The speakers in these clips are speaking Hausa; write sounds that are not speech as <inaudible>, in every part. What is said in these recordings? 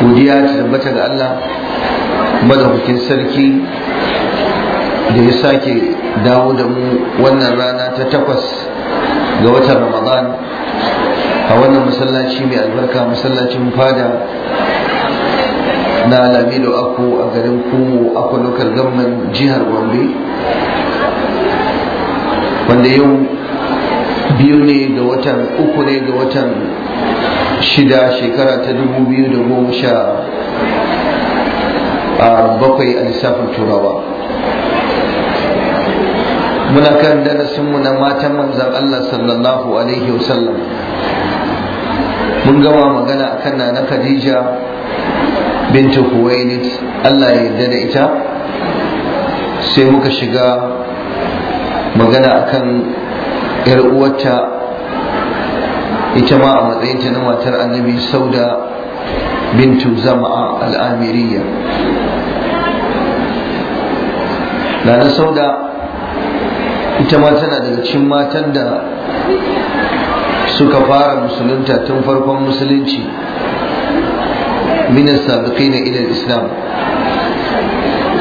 godiya ta tabbata ga Allah madaukakin sarki da ya sake dawo da mu wannan rana ta takwas ga watan ramadan a wannan masallaci mai albarka masallacin fada na lamido ako a garin kumo ako lokar gamman jihar gombe wanda yau biyu ne ga watan uku ne ga watan shida shekara ta dubu biyu da goma sha bakwai a lissafin turawa muna kan mu na matan manzan Allah sallallahu alaihi wasallam mun gama magana akan na Khadija Binta Huwainit Allah ya yarda da ita sai muka shiga magana akan yar uwarta ita ma a matsayinta na matar annabi sauda bintu zama'a al'amiriya na sauda ita ma tana daga cikin matan da suka fara musulunta tun farkon musulunci minas sabiqina ila islam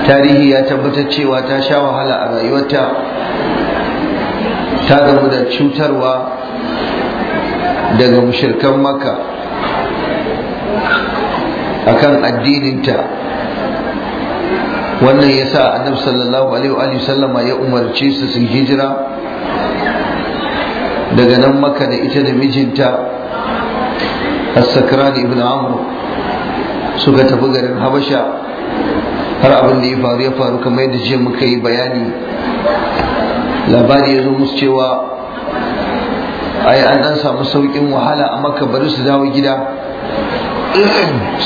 tarihi ya tabbatar cewa ta sha wahala a rayuwarta ta gamu da cutarwa daga mushirkan makka akan addininta wannan ya sa annabi sallallahu alaihi sallama ya umarci su su hijira daga nan maka da ita da mijinta as-sakran ibn amr suka tafi garin habasha har abin da ya faru ya faru kamar yadda jiya muka yi bayani labari ya zo musu cewa ai an dan samu saukin wahala a makka bari su dawo gida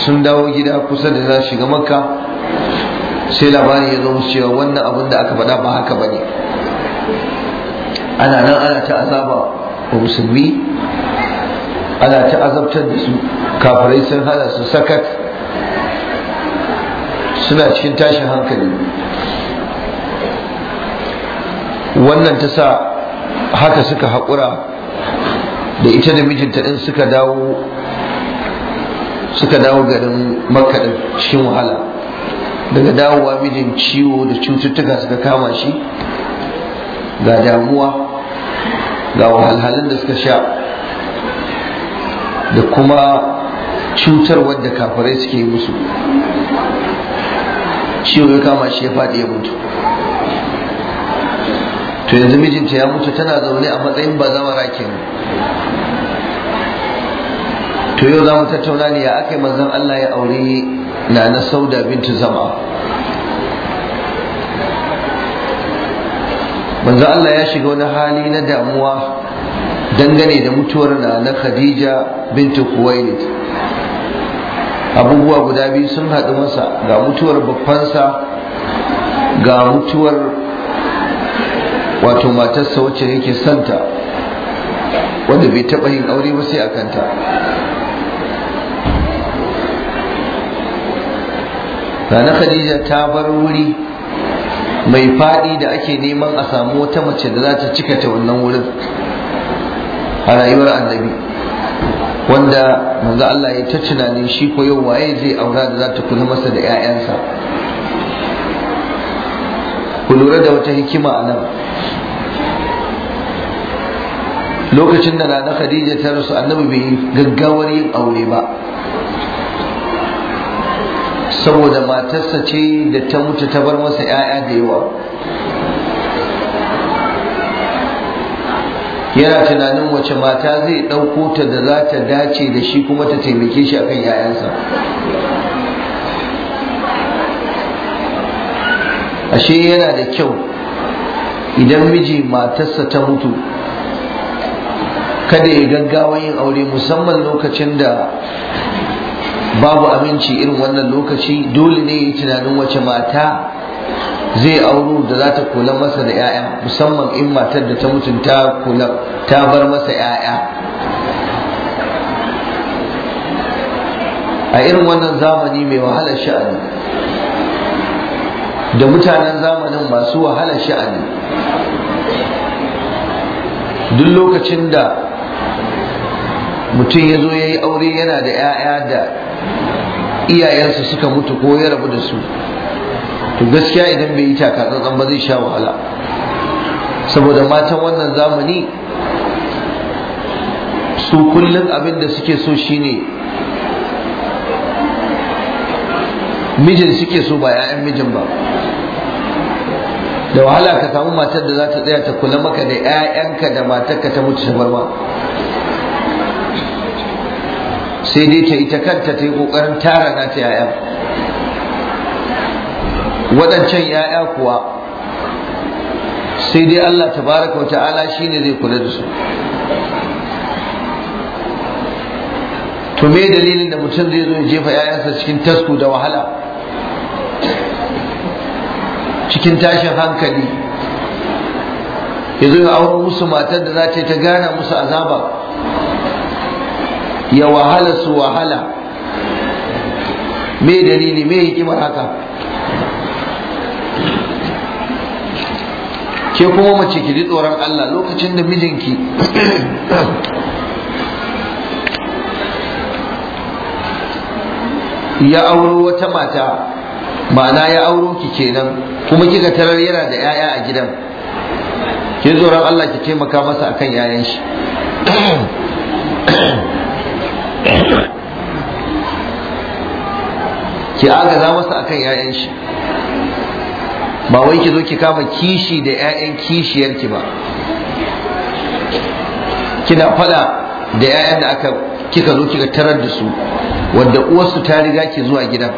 sun dawo gida kusa da za shiga makka sai labari ya zo musu cewa wannan abin da aka faɗa ba haka bane ana nan ana ta azaba wa musulmi ana ta azabtar da su kafirai sun hada su sakat suna cikin tashin hankali wannan ta sa haka suka haƙura da ita da mijinta din suka dawo suka dawo garin makka cikin wahala daga dawowa mijin ciwo da cututtuka suka kama shi ga damuwa ga wahalhalun da suka sha da kuma cutar wadda kafirai suke musu ciwo ya kama shi ya faɗi ya mutu to yanzu mijinta ya mutu tana zaune a matsayin ba zama rakin to yau za mu tattauna ne ya aka yi manzan Allah ya aure na na sauda bintu zama manzan Allah ya shiga wani hali na damuwa dangane da mutuwar na na khadija bintu kuwait abubuwa guda biyu sun haɗu masa ga mutuwar babbansa ga mutuwar wato matarsa wacce yake santa wanda bai taɓa yin aure ba sai a kanta Rana Khadija ta bar wuri mai faɗi da ake neman a samu wata mace da za ta cika ta wannan wurin a rayuwar annabi wanda manzo Allah ya ta tunanin shi ko yau waye zai aura da za ta kula masa da 'ya'yansa lura da wata hikima a nan lokacin da na khadija ta rasu annabi bai gaggawar yin aure ba saboda matarsa ce da ta mutu ta bar masa 'ya'ya da yawa yana tunanin wace mata zai ɗauko ta da za ta dace da shi kuma ta taimake shi akan 'ya'yansa ashe yana da kyau idan miji matarsa ta mutu kada ya gaggawa yin aure musamman lokacin da babu aminci irin wannan lokaci dole ne yi tunanin wace mata zai auro da za ta kula masa da 'ya'ya musamman in matar da ta mutunta ta bar masa 'ya'ya a irin wannan zamani mai wahalar sha'ani da mutanen zamanin masu wahalar sha'ani duk lokacin da mutum ya zo ya yi aure yana da 'ya'ya da iyayensu suka mutu ko ya rabu da su to gaskiya idan bai yi takatsantsan ba zai sha wahala saboda matan wannan zamani su kullum abin da suke so shine mijin suke so ba 'ya'yan mijin ba da wahala ka samu matar da za ta tsaya ta kula maka da 'ya'yanka da matarka ta mutu ta sai dai ta ita kanta ta yi ƙoƙarin tara na ta 'ya'ya waɗancan 'ya'ya kuwa sai dai Allah tabaraka wa ta'ala shine zai kula da su to me dalilin da mutum zai zo ya jefa 'ya'yansa cikin tasku da wahala cikin tashin hankali ya zo ya auri musu matar da za ta ta gana musu azaba ya wahala su wahala me dalili me hikimar haka ke kuma mace ki ji tsoron Allah lokacin da mijinki ya auro wata mata ma'ana ya auro ki kenan kuma kika tarar yana da 'ya'ya a gidan ke tsoron Allah ki taimaka masa akan 'ya'yan shi ki agaza masa akan 'ya'yan shi ba wai ki zo ki kama kishi da 'ya'yan kishiyarki ba kina fada da 'ya'yan da aka kika zo kika tarar da su wanda uwarsu ta riga ki zuwa gidan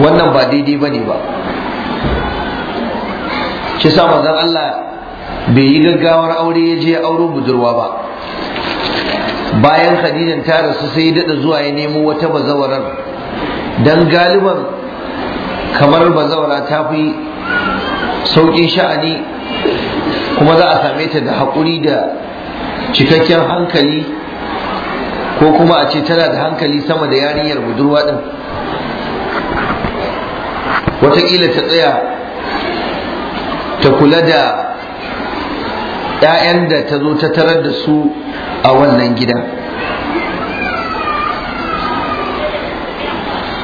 wannan ba daidai ba ne ba shi sa manzon Allah bai yi gaggawar aure ya je auro budurwa ba bayan khadijan ta rasu sai daɗa zuwa ya nemo wata bazawarar don galiban kamar bazawara ta fi sauƙin sha'ani kuma za a same ta da haƙuri da cikakken hankali ko kuma a ce tana da hankali sama da yarinyar budurwa ɗin watakila ta tsaya ta kula da 'ya'yan da ta zo ta tarar da su a wannan gida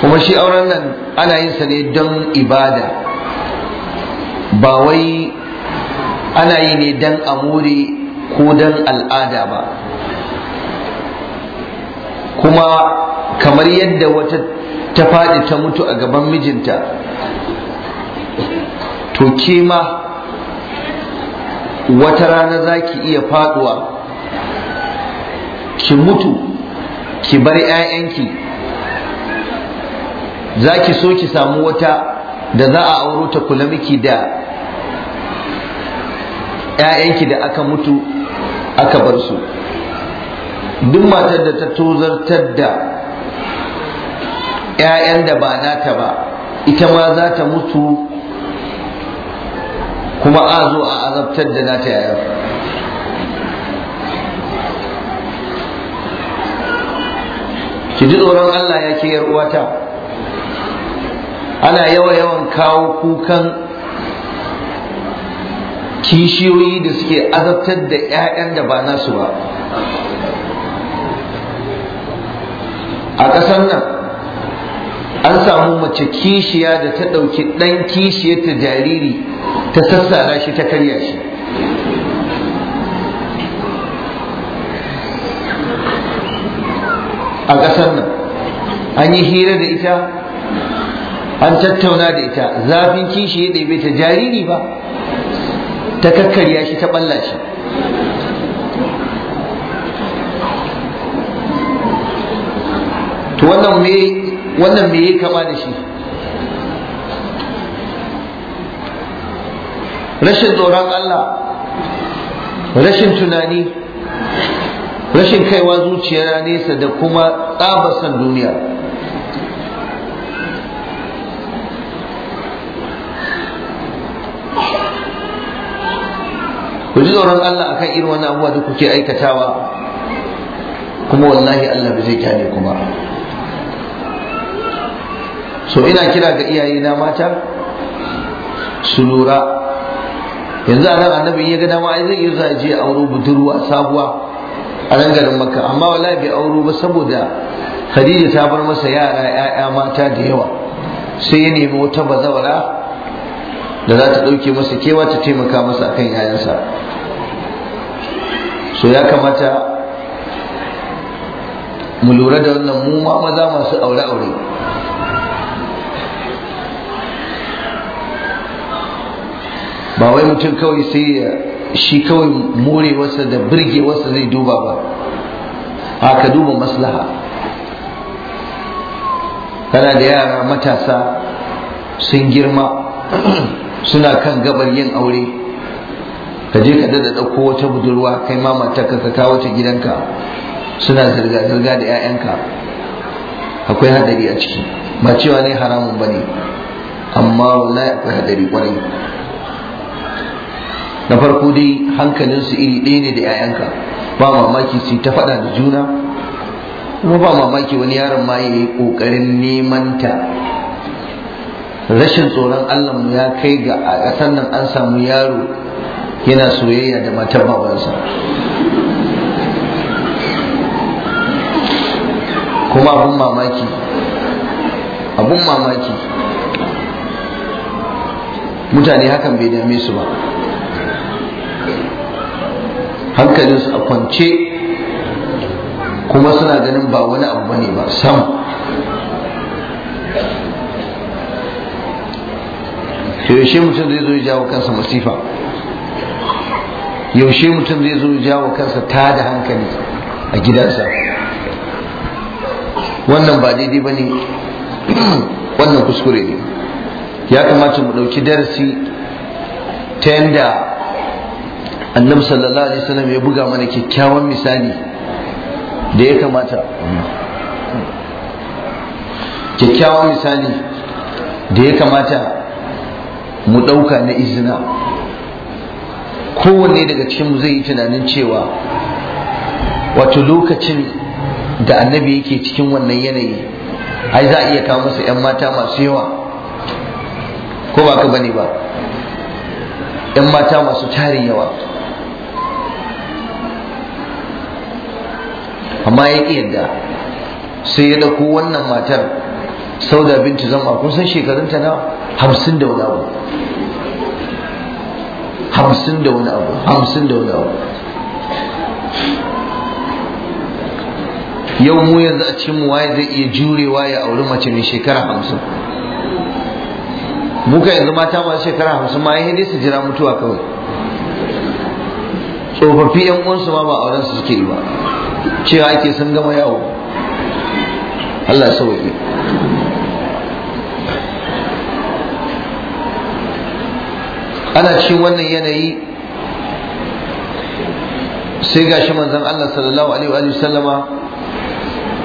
kuma shi auren nan ana yin sa ne don ibada ba wai ana yi ne don amuri ko don al'ada ba kuma kamar yadda wata ta faɗi ta mutu a gaban mijinta to kima wata rana za ki iya faɗuwa ki mutu ki bar 'ya'yanki za ki so ki samu wata da za a auro ta kula miki da 'ya'yanki da aka mutu aka bar su duk matar da ta tozartar da 'ya'yan da ba ta ba ita ma za ta mutu kuma a zo a azabtar da nata yayan ki ji tsoron Allah ya ke uwata ana yawa yawan kawo kukan kishiyoyi da suke azabtar da 'ya'yan da ba nasu ba a ƙasar nan an samu mace kishiya da ta ɗauki ɗan kishiyarta jariri ta sassara shi ta karya shi a ƙasar nan an yi hira da ita an tattauna da ita zafin kishi ya bai ta jariri ba ta kakkarya shi ta balla shi to wannan mai wannan me ya kama da shi rashin tsoron Allah rashin tunani rashin kaiwa zuciya nesa da kuma tsabasan duniya ku ji tsoron Allah akan irin wani abubuwa da kuke aikatawa kuma wallahi Allah ba zai kyale kuma so ina kira ga iyaye na mata su lura yanzu a nan annabi ya ga dama ai zai iya zuwa je auro budurwa sabuwa a nan garin makka amma wallahi bai auro ba saboda khadija ta bar masa yara ya'ya mata da yawa sai ya nemi wata bazawara da za ta ɗauke masa kewa ta taimaka masa akan yayansa so ya kamata mu lura da wannan mu ma maza masu aure-aure ba wai mutum kawai sai shi kawai morewarsa da birge wasa zai duba ba haka duba maslaha kana da yara matasa sun girma <clears throat> suna kan gabar yin aure ka je ka dada ɗauko wata budurwa kai ma matarka ka kawo ta gidanka suna zirga-zirga da 'ya'yanka akwai hadari a ciki ba cewa ne haramun ba ne amma wallahi akwai hadari kwarai na farko dai hankalinsu iri ɗaya ne da 'ya'yanka ba mamaki su ta faɗa da juna kuma ba mamaki wani yaron ma ya yi ƙoƙarin neman ta rashin tsoron mu ya kai ga a ƙasar nan an samu yaro yana soyayya da matar babansa kuma abun mamaki abun mamaki mutane hakan bai dame su ba hankalinsu a kwance kuma suna ganin ba wani abu bane ba sam yaushe mutum zai zo jawo kansa masifa yaushe mutum zai zo jawo kansa ta da hankali a gidansa wannan ba daidai ba ne wannan kuskure ne ya kamata mu ɗauki darasi ta yadda annabi sallallahu alaihi wasallam ya buga mana kyakkyawan misali da ya kamata kyakkyawan misali da ya kamata mu ɗauka na izina kowanne daga cikinmu zai yi tunanin cewa wato lokacin da annabi yake cikin wannan yanayi ai za a iya kawo masa 'yan mata masu yawa ko ba ka bane ba 'yan mata masu tarin yawa amma ya ƙi yadda sai ya ɗauko wannan matar sauda bintu zama kun san shekarunta na hamsin da wani abu hamsin da wani abu hamsin da wani abu yau mu yanzu a cikin waye zai iya jurewa ya auri mace mai shekara hamsin muka yanzu mata masu shekara hamsin ma yi su jira mutuwa kawai tsofaffi yan uwansu ma ba auren su suke yi ba cewa ake sun gama yawo Allah sauki ana cikin wannan yanayi sai ga shi manzan Allah sallallahu alaihi wa sallama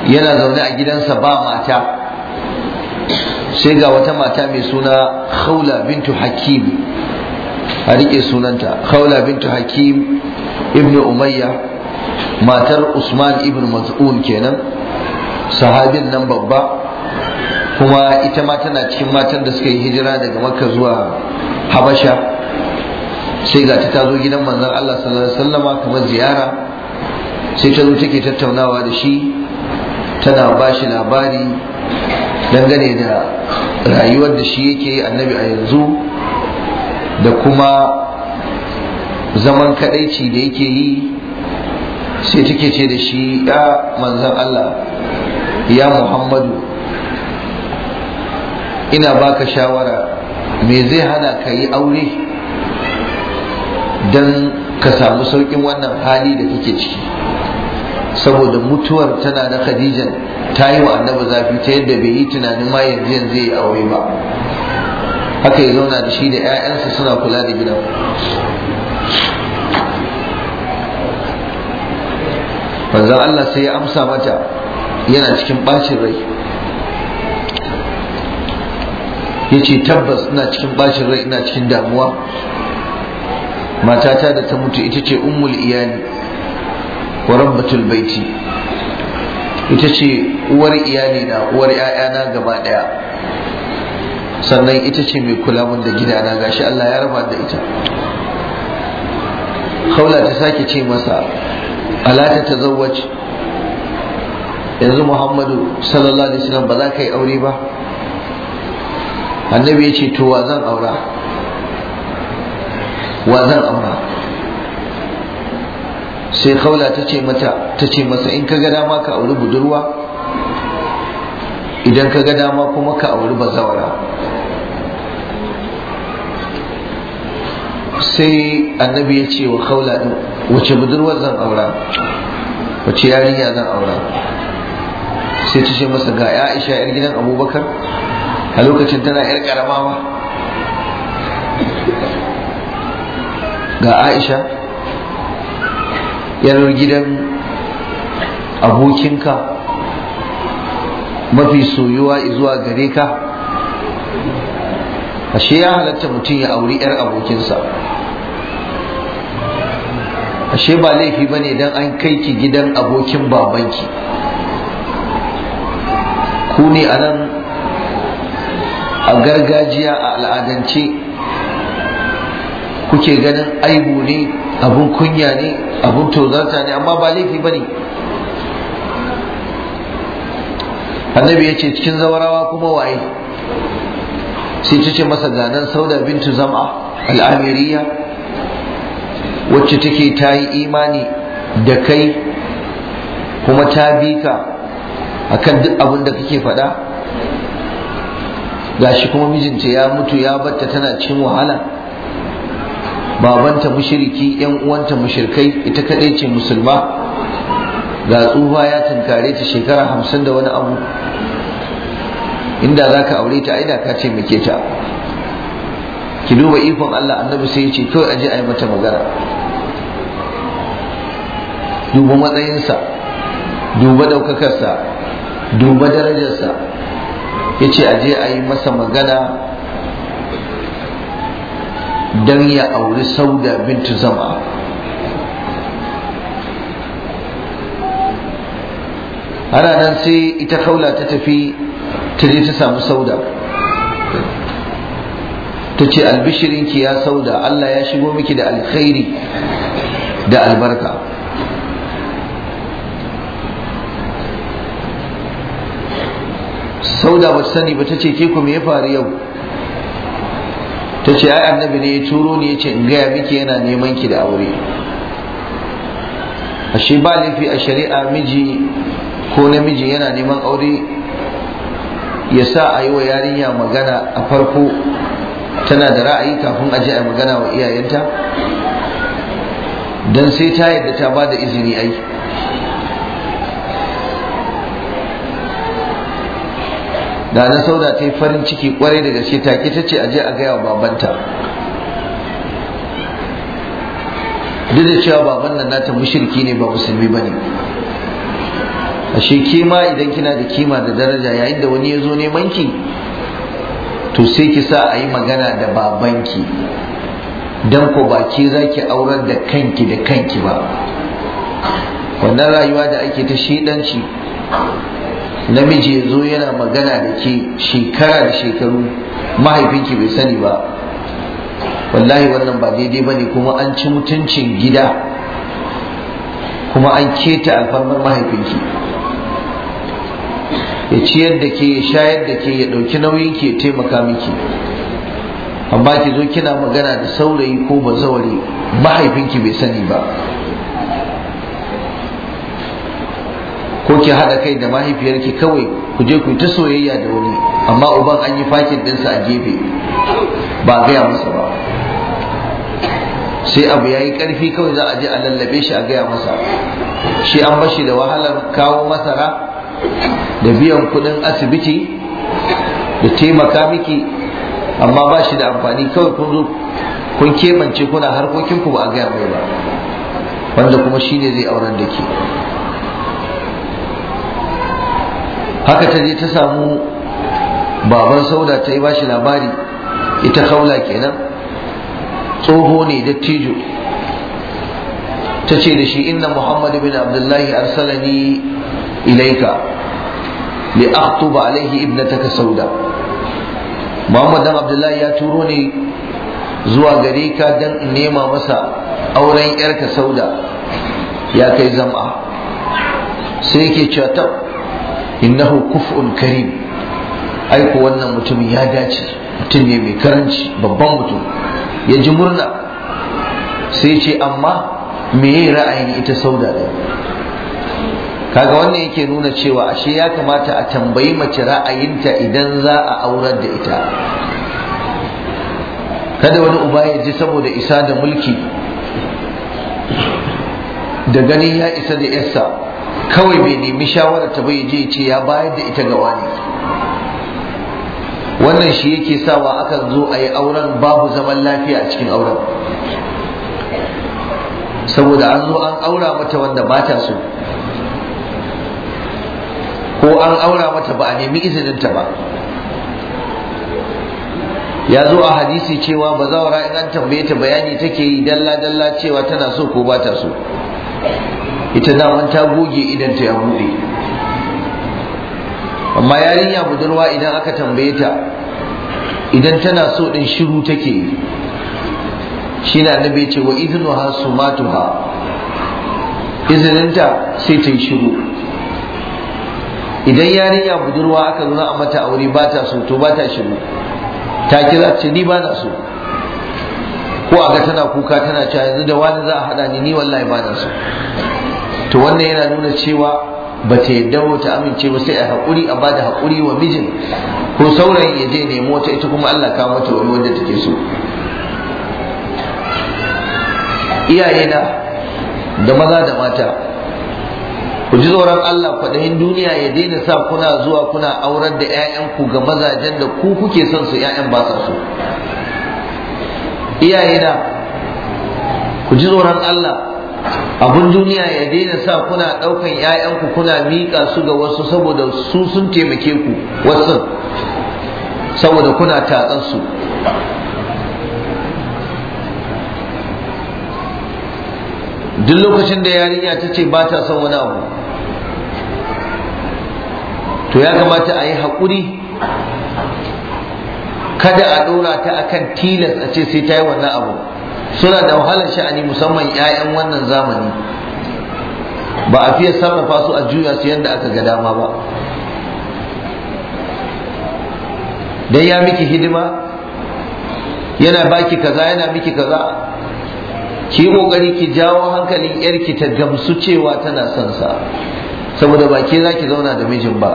yana zaune a gidansa ba mata sai ga wata mata mai suna khawla bintu hakim a rike sunanta khawla bintu hakim Ibn umayya matar usman ibn mas'ud kenan sahabin nan babba kuma ita ma tana cikin matan da suka yi hijira daga makka zuwa habasha sai ga ta zo gidan manzon Allah sallallahu alaihi wasallama kamar ziyara sai ta zo take tattaunawa da shi tana ba shi labari dangane da rayuwar da shi yake yi annabi a yanzu da kuma zaman kadaici da yake yi sai take ce da shi ya manzan Allah ya Muhammadu ina baka shawara me zai hana ka yi aure don ka samu sauƙin wannan hali da kake ciki saboda mutuwar tana da khadijan ta yi wa annabi zafi ta yadda bai yi tunanin ma yanzu yanzu yi aure ba haka ya zauna da shi da 'ya'yansa suna kula da gidan manzan Allah sai ya amsa mata yana cikin bacin rai ya ce tabbas ina cikin bacin rai ina cikin damuwa matata da ta mutu ita ce umul iyali wa rabbatul baiti ita ce uwar iyali na uwar 'ya'yana gaba daya sannan ita ce mai kula da da gidana gashi Allah ya raba da ita Kaula ta sake ce masa ala ta tazawwaj yanzu muhammadu sallallahu alaihi wasallam ba za ka yi aure ba annabi ya ce to wa zan aura wa zan aura sai kaula ta ce mata ta ce masa in ka ga dama ka auri budurwa idan ka ga dama kuma ka auri bazawara sai annabi ya ce wa kaula din wace budurwar zan aura wace yarinya zan aura sai ta ce masa ga Aisha yar gidan Abubakar a lokacin tana yar karamawa ga Aisha yar gidan abokinka mafi soyuwa zuwa gare ka ashe ya halatta mutum ya auri yar abokinsa ashe ba laifi bane dan an kai ki gidan abokin babanki ku ne a nan a gargajiya a al'adance kuke ganin aibu ne abun kunya ne abun tozarta ne amma ba laifi bane annabi ya ce cikin zawarawa kuma waye sai ta ce masa ganan sauda bintu zam'a al'amiriya wacce take ta yi imani da kai kuma ta bi ka a kan duk abin da kake faɗa gashi kuma mijinta ya mutu ya batta tana cin wahala babanta mushiriki yan uwanta mushirkai ita kadai ce musulma ga tsufa ya tunkare ta shekara hamsin da wani abu inda za ka aure ta aida ka ce muke ta ki duba ikon Allah annabi sai ya ce kawai aje a yi mata magana duba matsayinsa duba daukakarsa duba darajarsa ya ce aje a yi masa magana don ya auri sauda bintu zama ana nan sai ita kaula ta tafi ta je ta samu sauda ta ce albishirinki ya sauda Allah ya shigo miki da alkhairi da albarka sauda ba sani ba ta ce ke ku ya faru yau ta ce ai annabi ne ya turo ni ya ce in gaya miki yana neman ki da aure ashe ba laifi a shari'a miji ko namiji yana neman aure ya sa a yi wa yarinya magana a farko tana da ra'ayi kafin a ji a magana wa iyayenta don sai ta yadda ta ba da izini aiki. da na sauda ta yi farin ciki kwarai da gaske ta ki ta ce aje a gaya wa babanta duk da cewa baban nan nata mushriki ne ba musulmi bane ashe ke ma idan kina da kima da daraja yayin da wani ya zo neman ki to sai ki sa a yi magana da babanki dan ko ba ke za ki aurar da kanki da kanki ba wannan rayuwa da ake ta shedanci namiji ya zo yana magana da ke shekara da shekaru mahaifinki bai sani ba wallahi wannan ba daidai ba ne kuma an ci mutuncin gida kuma an keta alfarmar mahaifinki ya ciyar da ke ya shayar da ke ya ɗauki nauyin ke taimaka miki amma ki zo kina magana da saurayi ko bazawari mahaifinki bai sani ba ko ki haɗa kai da mahaifiyarki kawai ku je ku ta soyayya da wani amma uban an yi fakin ɗinsa a gefe ba gaya masa ba sai abu ya yi ƙarfi kawai za a je a lallabe shi a gaya masa shi an bashi da wahalar kawo masara da biyan kuɗin asibiti da taimaka miki amma ba shi da amfani kawai kun zo kun keɓance kuna harkokinku ba a gaya mai ba wanda kuma shi ne zai aurar da ke haka ta je ta samu baban sauda ta yi ba shi labari ita kaula kenan tsoho ne dattijo ta ce da shi inna muhammadu bin abdullahi arsalani ilaika li akhtuba alaihi ibnataka sauda muhammad dan abdullahi ya turo ne zuwa gare ka dan in nema masa auren yarka sauda ya kai zama sai ke cewa innahu kuf'un karim aiko wannan mutum ya dace mutum ne mai karanci babban mutum ya ji murna sai ce amma me meye ra'ayin ita sauda da kaga wannan yake nuna cewa ashe ya kamata a tambayi mace ra'ayinta idan za a aurar da ita kada wani uba ya ji saboda isa da mulki da ganin ya isa da yarsa kawai bai nemi shawarar ta bai je ce ya bayar da ita ga wani wannan shi yake sawa akan zo a yi auren babu zaman lafiya a cikin auren saboda an zo an aura mata wanda ba ta so ko an aura mata ba a nemi izininta ba ya zo a hadisi cewa ba zawara in an tambaye ta bayani take yi dalla dalla cewa tana so ko ba ta so ita daman ta goge idan ta ya buɗe amma yarinya budurwa idan aka tambaye ta idan tana so ɗin shiru take yi shi na annabi ce wa izinu ha su ha izininta sai ta yi shiru idan yarinya budurwa aka zuna a mata aure ba ta so to ba ta shiru ta kira ce ni ba na so ko a ga tana kuka tana cewa yanzu da wani za a haɗa ni ni wallahi ba na so to wannan yana nuna cewa ba ta yadda ta amince ba sai a haƙuri a bada haƙuri wa mijin ko saurayin ya je nemo ta ita kuma Allah kawo mata wani wanda take so iyayena da maza da mata ku ji tsoron Allah kwaɗayin duniya ya daina sa kuna zuwa kuna aurar da 'ya'yanku ga mazajen da ku kuke son su 'ya'yan ba sa so iyayena ku ji tsoron Allah abun duniya ya daina sa kuna ɗaukan 'ya'yanku kuna miƙa su ga wasu saboda su sun taimake ku wasu saboda kuna tatsan duk lokacin da yarinya ta ce ba ta son wani abu to ya kamata a yi haƙuri kada a ɗora ta akan tilas a ce sai ta yi wannan abu suna da wahalar sha'ani musamman 'ya'yan wannan zamani ba a fiye sarrafa su a juya su yadda aka ga dama ba dan ya miki hidima yana baki kaza yana miki kaza ki kokari ki jawo hankalin yarki ta gamsu cewa tana son sa saboda ba ke zaki zauna da mijin ba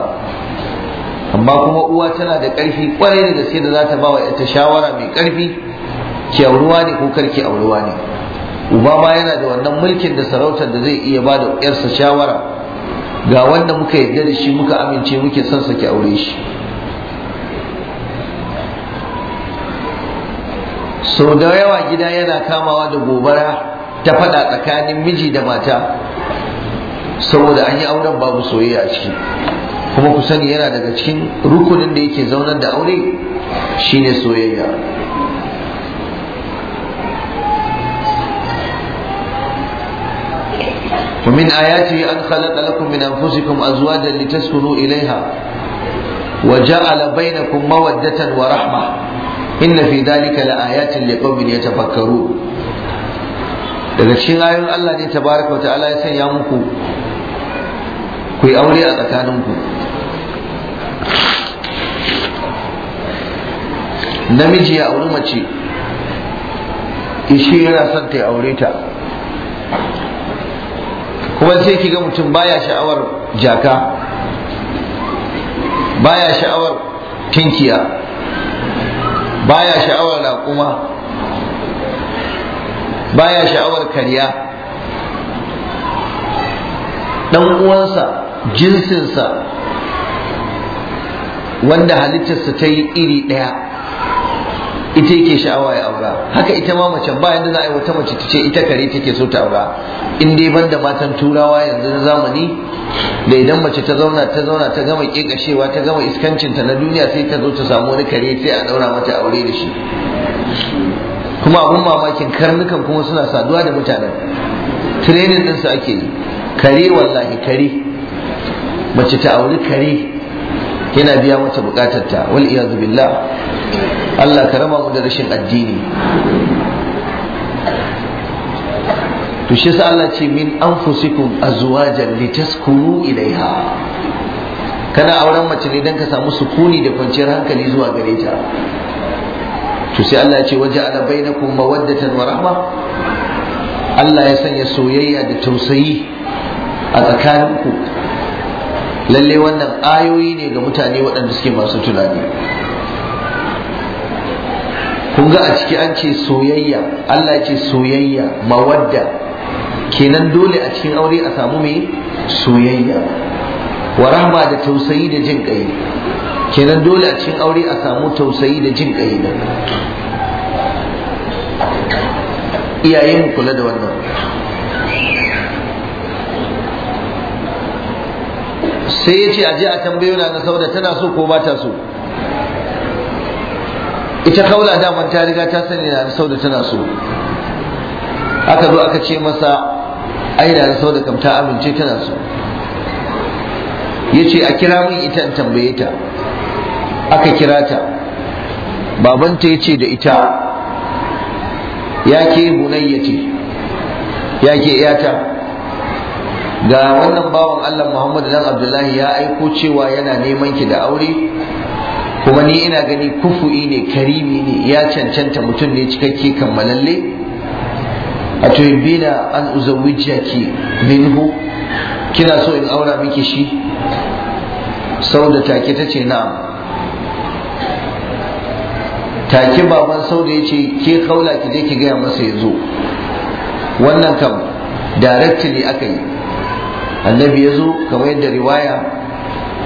amma kuma uwa tana da ƙarfi kwarai da gaske da za ta ba wa ta shawara mai ƙarfi Ke auruwa ne ko kar ki auruwa ne uba ma yana da wannan mulkin da sarautar da zai iya ba da yarsa shawara ga wanda muka yarda da shi muka amince muke son sa ki aure shi so da yawa gida yana kamawa da gobara ta fada tsakanin miji da mata saboda an yi auren babu soyayya a ciki kuma ku sani yana daga cikin rukunin da yake zaunar da aure shine soyayya ومن آياته أن خلق لكم من أنفسكم أزواجا لتسكنوا إليها وجعل بينكم مودة ورحمة إن في ذلك لآيات لقوم يتفكرون daga cikin ayoyin Allah ne tabaraka wa ta'ala ya sanya muku ku yi aure a tsakaninku namiji ya auri mace shi yana son ta aure ta kuma sai ki ga mutum baya sha'awar jaka baya sha'awar tinkiya baya sha'awar raƙuma baya sha'awar karya dan uwansa jinsinsa wanda halittarsa ta yi iri ɗaya ita yake sha'awa ya aura haka ita ma mace ba da za a yi wata mace ta ce ita kare take so ta aura in dai banda matan turawa yanzu na zamani da idan mace ta zauna ta zauna ta gama kekashewa ta gama iskancinta na duniya sai ta zo ta samu wani kare sai a daura mata aure da shi kuma abun mamakin karnukan kuma suna saduwa da mutanen training ɗinsu ake yi kare wallahi kare mace ta auri kare yana biya mata bukatar wal iyazu billah Allah ka rama mu da rashin addini to shi sa Allah ce min anfusikum azwajan litaskunu ilaiha kana auren mace ne dan ka samu sukuni da kwanciyar hankali zuwa gare ta to sai Allah ya ce ala bainakum mawaddatan wa rahma Allah ya sanya soyayya da tausayi a tsakaninku lalle wannan ayoyi ne ga mutane waɗanda suke masu tunani kun ga a ciki an ce soyayya Allah ya ce soyayya mawadda kenan dole a cikin aure a samu mai soyayya wa rahma da tausayi da jin kai kenan dole a cikin aure a samu tausayi da jin kai da iyayen kula da wannan sai ya ce a ji a tambayo na da tana so ko ba ta so ita kaula daman ta riga ta sani na sau da tana so aka zo aka ce masa ai da sau da kam ta amince tana so ya ce a kira min ita in tambaye ta aka kira ta babanta ya ce da ita ya ke bunayya ce ya ke iyata ga wannan bawan Allah Muhammad dan Abdullahi ya aiko cewa yana neman ki da aure kuma ni ina gani kufu'i ne karimi ne ya cancanta mutum ne cikakke kammalalle a Bina an uzawwijaki minhu kina so in aura miki shi da take ta ce na'am take baban sauda ya ce ke kaula ki je ki gaya masa ya zo wannan kam directly aka yi annabi ya zo kamar yadda riwaya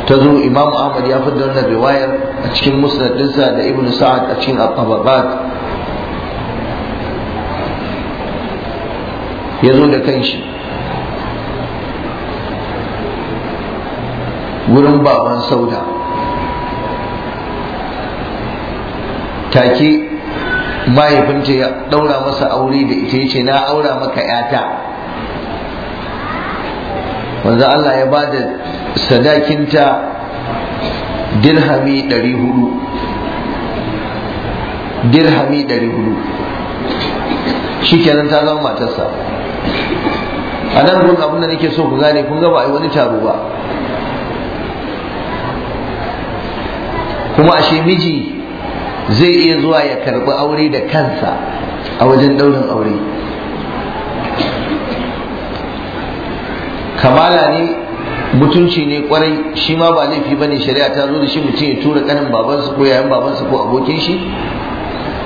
ta zo imam ahmad ya fidda wannan riwayar a cikin musnad da ibnu sa'ad a cikin ababat ya zo da kanshi wurin baban sauda take mahaifinta ya daura masa aure da ita ya ce na aura maka 'yata manzo Allah ya bada sadakinta dirhami hudu? dirhami shi kenan ta zama matarsa a nan gun abin da nake so ku gane kun ga a yi wani taro ba kuma ashe miji zai iya zuwa ya karbi aure da kansa a wajen daurin aure kamala ne mutunci ne kwarai shi ma ba laifi bane shari'a ta zo da shi mutum ya tura kanin su ko yayan su ko abokin shi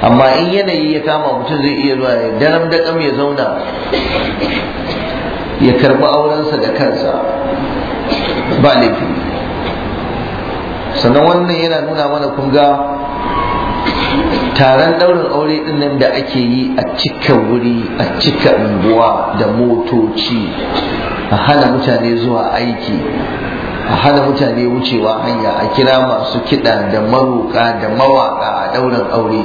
amma in yanayi ya kama mutum zai iya zuwa ya daram da kam ya zauna ya karbi aurensa da kansa ba laifi sannan wannan yana nuna mana kun ga taron daurin aure din nan da ake yi a cika wuri a cika unguwa da motoci a hana mutane zuwa aiki a hana mutane wucewa hanya a kira masu kiɗa da maruka da mawaƙa a ɗaurin aure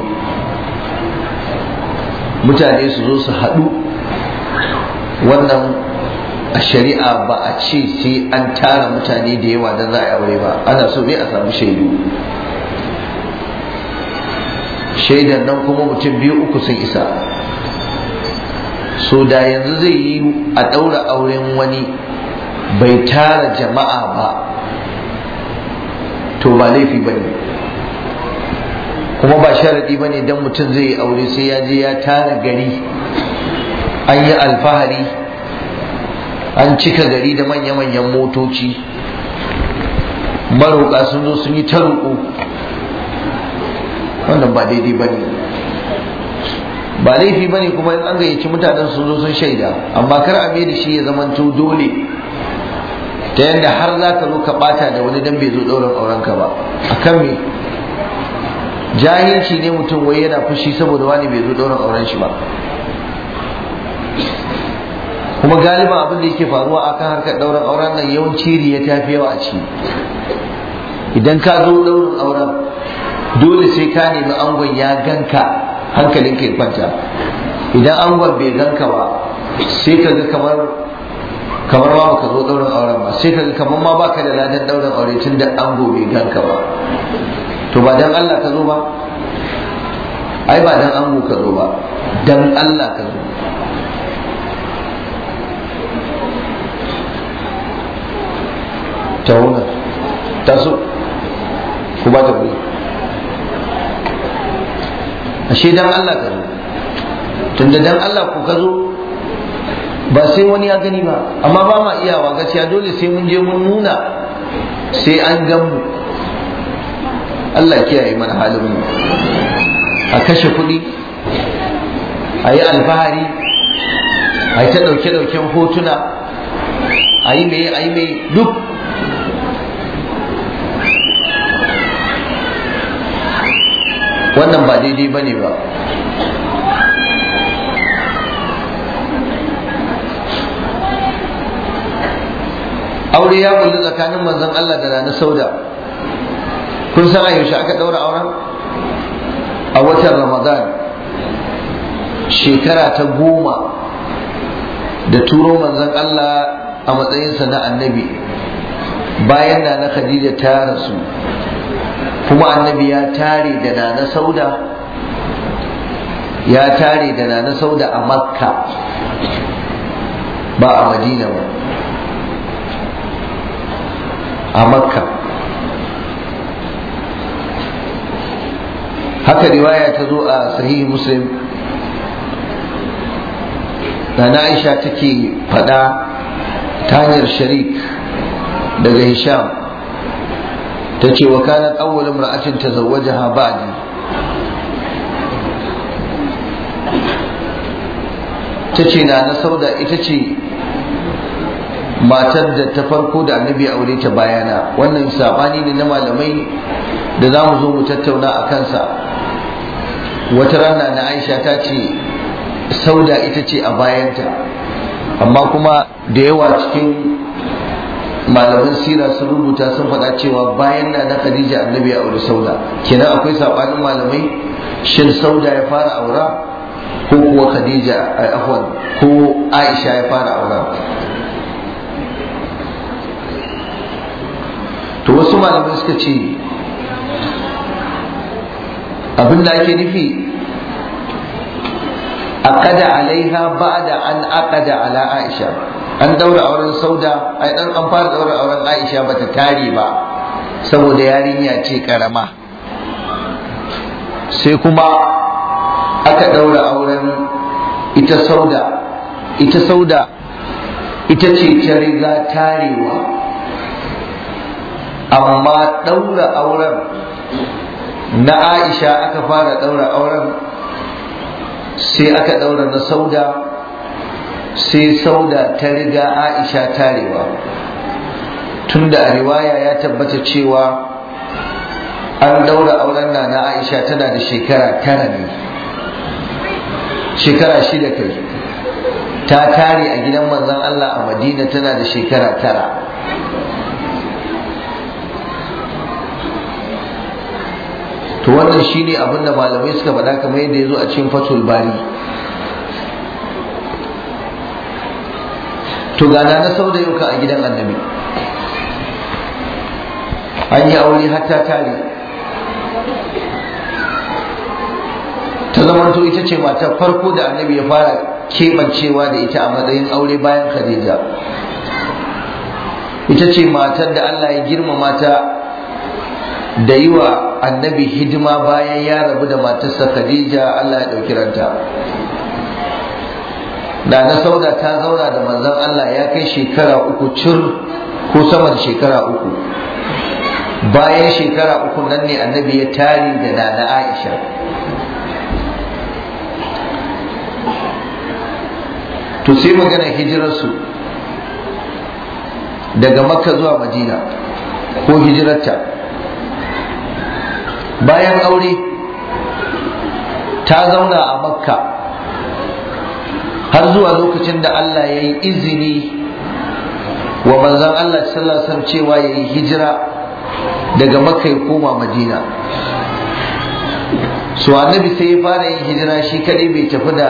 mutane su zo su haɗu wannan a shari'a ba a ce sai an tara mutane da yawa don za a aure ba ana so ne a samu shaidu shaidan nan kuma mutum biyu uku sun isa so da yanzu zai yi a ɗaura auren wani bai tara jama'a ba to ba laifi ba ne kuma ba sharaɗi ba ne don mutum zai yi aure sai ya je ya tara gari an yi alfahari an cika gari da manya-manyan motoci maroƙa sun zo sun yi ta wannan ba daidai ba ne ba laifi bane kuma in an gayyaci mutanen sun zo sun shaida amma kar a mai da shi ya zamanto dole ta yadda har za ka zo ka bata da wani dan bai zo ɗaurin aurenka ba akan me jahilci ne mutum wai yana fushi saboda wani bai zo ɗaurin auren shi ba kuma galiban abin da yake faruwa akan harkar ɗaurin auren nan yawanci riya ta fi yawa a ciki idan ka zo ɗaurin auren dole sai ka nemi angon ya ganka hankalin ka kwanta idan angon bai ganka ba sai ka ga kamar kamar ma ka zo daura auren ba sai ka ga kamar ma baka da ladan daura aure tun da ango bai ganka ba to ba dan Allah ka zo ba ai ba dan ango ka zo ba dan Allah ka zo ta wuna ta so ku ba ta kuɗi ashe dan Allah ka zo tunda dan Allah ku ka zo ba sai wani ya gani ba amma ba ma iyawa gaskiya dole sai mun je mun nuna sai an gan mu Allah kiyaye mana halin mu a kashe kuɗi a yi alfahari a yi ta ɗauke-ɗauken hotuna a yi mai a yi mai duk wannan ba daidai ba ne ba aure ya kulli tsakanin manzon Allah da Nana Sauda kun san yaushe aka daura auren a watan Ramadan shekara ta goma da turo manzon Allah a matsayinsa na annabi bayan na na Khadija ta rasu kuma annabi ya tare da na sauda ya tare da nana sauda a makka ba a madina ba a makka haka riwaya ta zo a sahihi muslim na aisha take faɗa ta hanyar sharik daga hisham ce wa kanat awwal imra'atin tazawwajaha Ta ce na na sauda ita ce matar da ta farko da annabi aure ta bayana wannan sabani ne na malamai da za mu zo mu tattauna a kansa wata rana na aisha ta ce sauda ita ce a bayanta amma kuma da yawa cikin malaman sira sun rubuta sun faɗa cewa bayan na na khadija annabi ya auri sauda kenan akwai saɓanin malamai shin sauda ya fara aura ko kuwa khadija eh, afwan ko aisha ya fara aura to wasu malamai suka ce abin da ake nufi aqada alaiha da an aqada ala aisha an daura auren sauda ai dan an fara daura auren aisha bata tare ba saboda yarinya ce karama sai kuma aka daura auren ita sauda ita sauda ita ce ta riga tarewa amma daura auren na aisha aka fara daura auren sai aka daura na sauda sai sauda ta riga aisha tarewa tunda a riwaya ya tabbata cewa an daura auren na aisha tana da shekara tara ne shekara shida kai ta tare a gidan manzon Allah a madina tana da shekara tara to wannan shine abinda malamai suka faɗa kamar yadda ya zo a cikin fatul bari to gana na sau da yauka a gidan annabi an yi aure hatta tare ta zamanto ita ce matar farko da annabi ya fara keɓancewa da ita a matsayin aure bayan khadija ita ce matar da allah ya girmama ta da yi wa annabi hidima bayan ya rabu da matarsa khadija allah ya ɗauki ranta na na sauda ta zauna da manzan Allah ya kai shekara uku cir ko sama da shekara uku bayan shekara uku nan ne annabi ya tari da nana Aisha to sai magana hijirarsu daga makka zuwa madina ko hijirarta bayan aure ta zauna a makka har zuwa lokacin da Allah ya yi izini wa manzan Allah sallallahu alaihi cewa ya yi hijira daga Makka ya koma Madina so annabi sai ya fara yin hijira shi kadai bai tafi da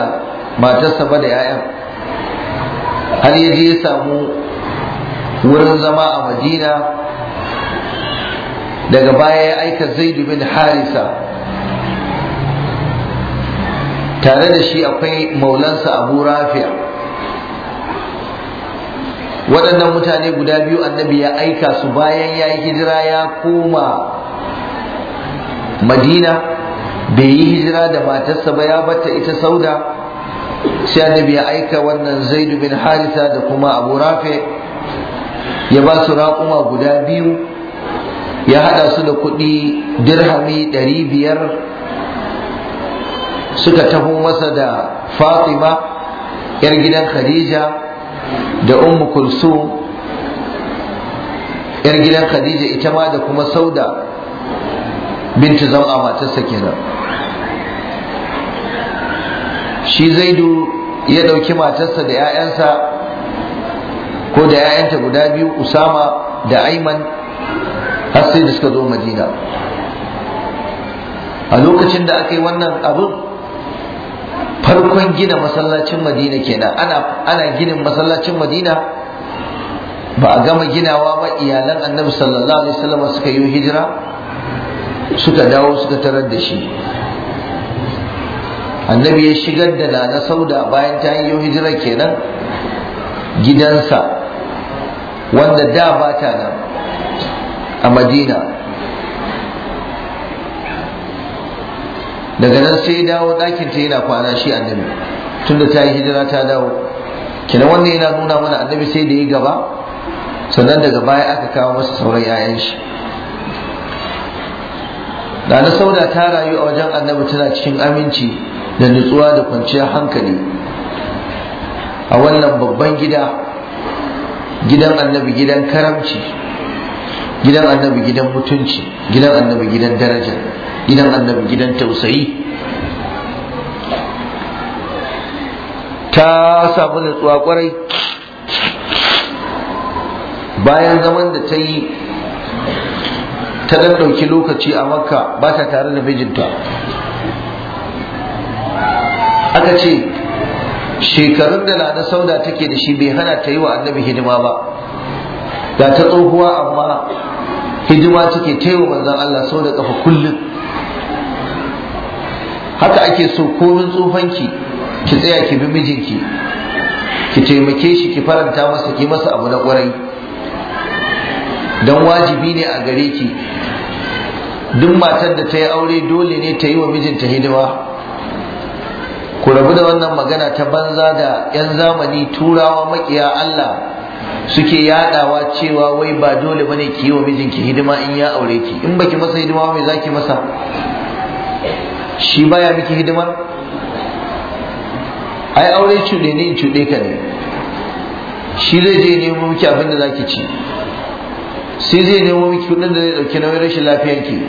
matarsa ba da 'ya'yan har ya je ya samu wurin zama a Madina daga baya ya aika Zaid bin Harisa tare da shi akwai maulansa abu rafi'a waɗannan mutane guda biyu annabi ya aika su bayan ya yi hijira ya koma madina bai yi hijira da matarsa ba ya batta ita sauda sai annabi ya aika wannan zaidu bin harisa da kuma abu rafi ya ba su raƙuma guda biyu ya haɗa su da kuɗi dirhami ɗari biyar suka taho masa da fatima yar gidan khadija da ummu kulsum yar gidan khadija ita ma da kuma sauda binti zam'a matarsa kenan shi zaidu ya ɗauki matarsa da 'ya'yansa ko da 'ya'yanta guda biyu usama da aiman har sai da suka zo madina a lokacin da aka yi wannan abin farkon gina masallacin madina kenan ana ana ginin masallacin madina ba a gama ginawa ba iyalan annabi sallallahu alaihi wasallam suka yi hijira suka dawo suka tarar da shi annabi ya shigar da nana sauda bayan ta yi hijira kenan gidansa wanda da ba ta nan a madina daga nan sai ya dawo ɗakin ta yana kwana shi annabi tunda ta yi hijira ta dawo kina wannan yana nuna mana annabi sai da yi gaba sannan daga baya aka kawo masa sauran 'ya'yan shi da na sauda ta rayu a wajen annabi tana cikin aminci da nutsuwa da kwanciyar hankali a wannan babban gida gidan annabi gidan karamci gidan annabi gidan mutunci gidan annabi gidan daraja gidan annabi gidan tausayi ta samu nutsuwa kwarai bayan zaman da ta yi ta dan ɗauki lokaci a makka ba ta tare da mijinta aka ce shekarun da lada sauda take da shi bai hana ta yi wa annabi hidima ba ga ta tsohuwa amma hidima take ta yi wa manzon Allah sau da kafa kullum haka ake so komin tsufanki ki tsaya ki bi mijinki ki taimake shi ki faranta masa ki masa abu na kwarai don wajibi ne a gare ki duk matar da ta yi aure dole ne ta yi wa mijinta hidima ku rabu da wannan magana ta banza da 'yan zamani turawa makiya Allah suke yadawa cewa wai ba dole bane ki yi wa mijinki hidima in ya aure ki in baki masa hidima mai zaki masa shi baya miki hidimar ai aure cuɗe ne in cuɗe ka ne shi zai je nemo miki abin da zaki ci sai zai nemo miki kuɗin da zai ɗauki nauyin rashin lafiyanki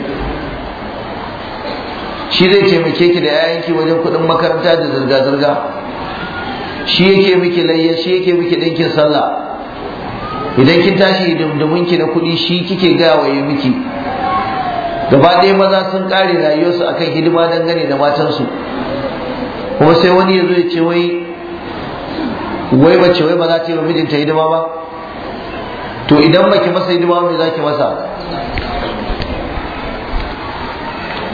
shi zai taimake ki da 'ya'yanki wajen kuɗin makaranta da zirga-zirga shi yake miki layya shi yake miki ɗinkin sallah idan kin tashi dumdumin ki na kuɗi shi kike gawaye miki gaba ɗaya maza sun ƙare rayuwarsu akan hidima dangane da matansu kuma sai wani ya zo ya ce wai wai ce, wai ba za ta yi wa mijinta hidima ba to idan baki masa hidima me za ki masa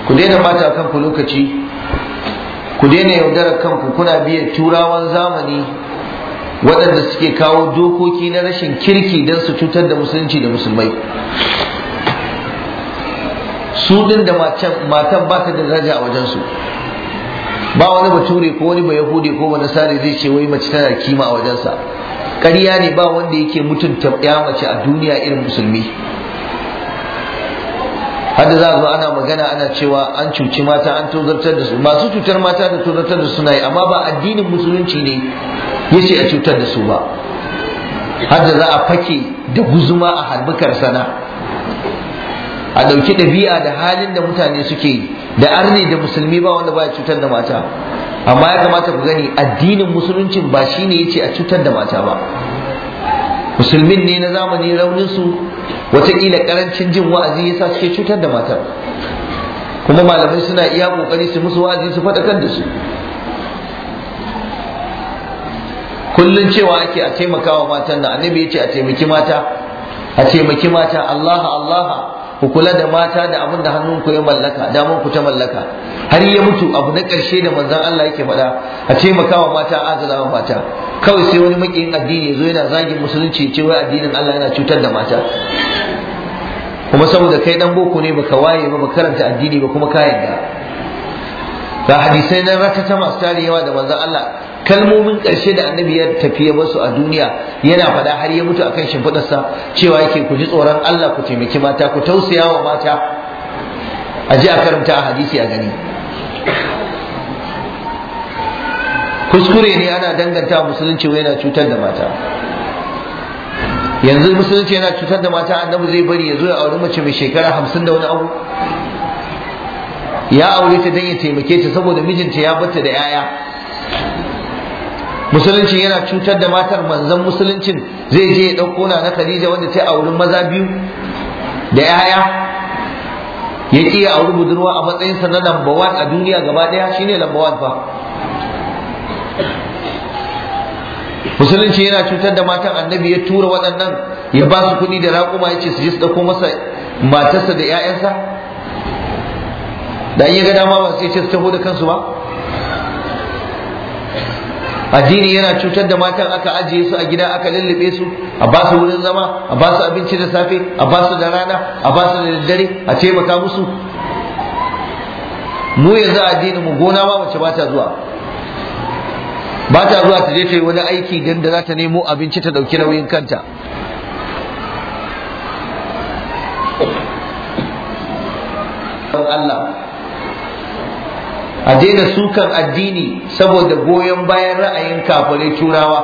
ku daina a kanku lokaci ku daina yaudarar kanku kuna biyan turawan zamani waɗanda suke kawo dokoki na rashin kirki don su cutar da musulunci da musulmai su din da matan ba ta da daraja a wajensu ba wani bature ko wani ba yahudi ko wani sare zai ce wai mace tana kima a wajensa ƙarya ne ba wanda yake mutunta ya mace a duniya irin musulmi hadda za a zo ana magana ana cewa an cuci mata an tozartar da su masu cutar mata da tozartar da suna yi amma ba addinin musulunci ne yace a cutar da su ba hadda za a fake da guzuma a halbukar sana a ɗauki ɗabi'a da halin da mutane suke da arne da musulmi ba wanda ba cutar da mata amma ya kamata ku gani addinin musuluncin ba shi ne yace a cutar da mata ba musulmin ne na zamani raunin su watakila karancin jin wa'azi yasa suke cutar da mata kuma malamai suna iya kokari su musu wa'azi su faɗakar da su kullun cewa ake a taimakawa matan nan annabi yace a taimaki mata a taimaki mata Allah Allah ku kula da mata da abin da ku ya mallaka damar ku ta mallaka har ya mutu abu na ƙarshe da manzan Allah yake faɗa a taimakawa mata azalawa mata kawai sai wani makiyin addini ya zo yana zagin musulunci ce wai addinin Allah yana cutar da mata kuma saboda kai dan boko ne baka waye ba baka karanta addini ba kuma ka yadda ga hadisai na rakata masu tarewa da manzon Allah kalmomin ƙarshe da annabi ya tafi ya basu a duniya yana faɗa har ya mutu akan shimfiɗarsa cewa yake ku ji tsoron Allah ku taimaki mata ku tausaya wa mata a ji a karanta a hadisi a gani kuskure ne ana danganta musulunci wai yana cutar da mata yanzu musulunci yana cutar da mata annabi zai bari ya zo ya auri mace mai shekara hamsin da wani abu ya aure ta dan ya taimake ta saboda mijinta ya bata da 'ya'ya musulunci yana cutar da matar manzan musuluncin zai je ya ɗauko na Khadija wanda ta wurin maza biyu da yaya ya ƙi ya auri budurwa a matsayin sa na number one a duniya gaba ɗaya shine number one fa musulunci yana cutar da matan annabi ya tura waɗannan ya ba su kuɗi da raƙuma ya ce su ji su ɗauko masa matarsa da 'ya'yansa da an yi ga dama ba su ce su taho da kansu ba addini yana cutar da matan aka ajiye su a gida aka lullube su a ba su wurin zama a ba su abinci da safe a ba su da rana a ba su da daddare a taimaka musu mu yanzu addinin mu gona ma mace ba ta zuwa ba ta zuwa ta je ta yi wani aiki dan da za ta nemo abinci ta dauki nauyin kanta Allah a daina sukan addini saboda goyon bayan ra'ayin kafirai turawa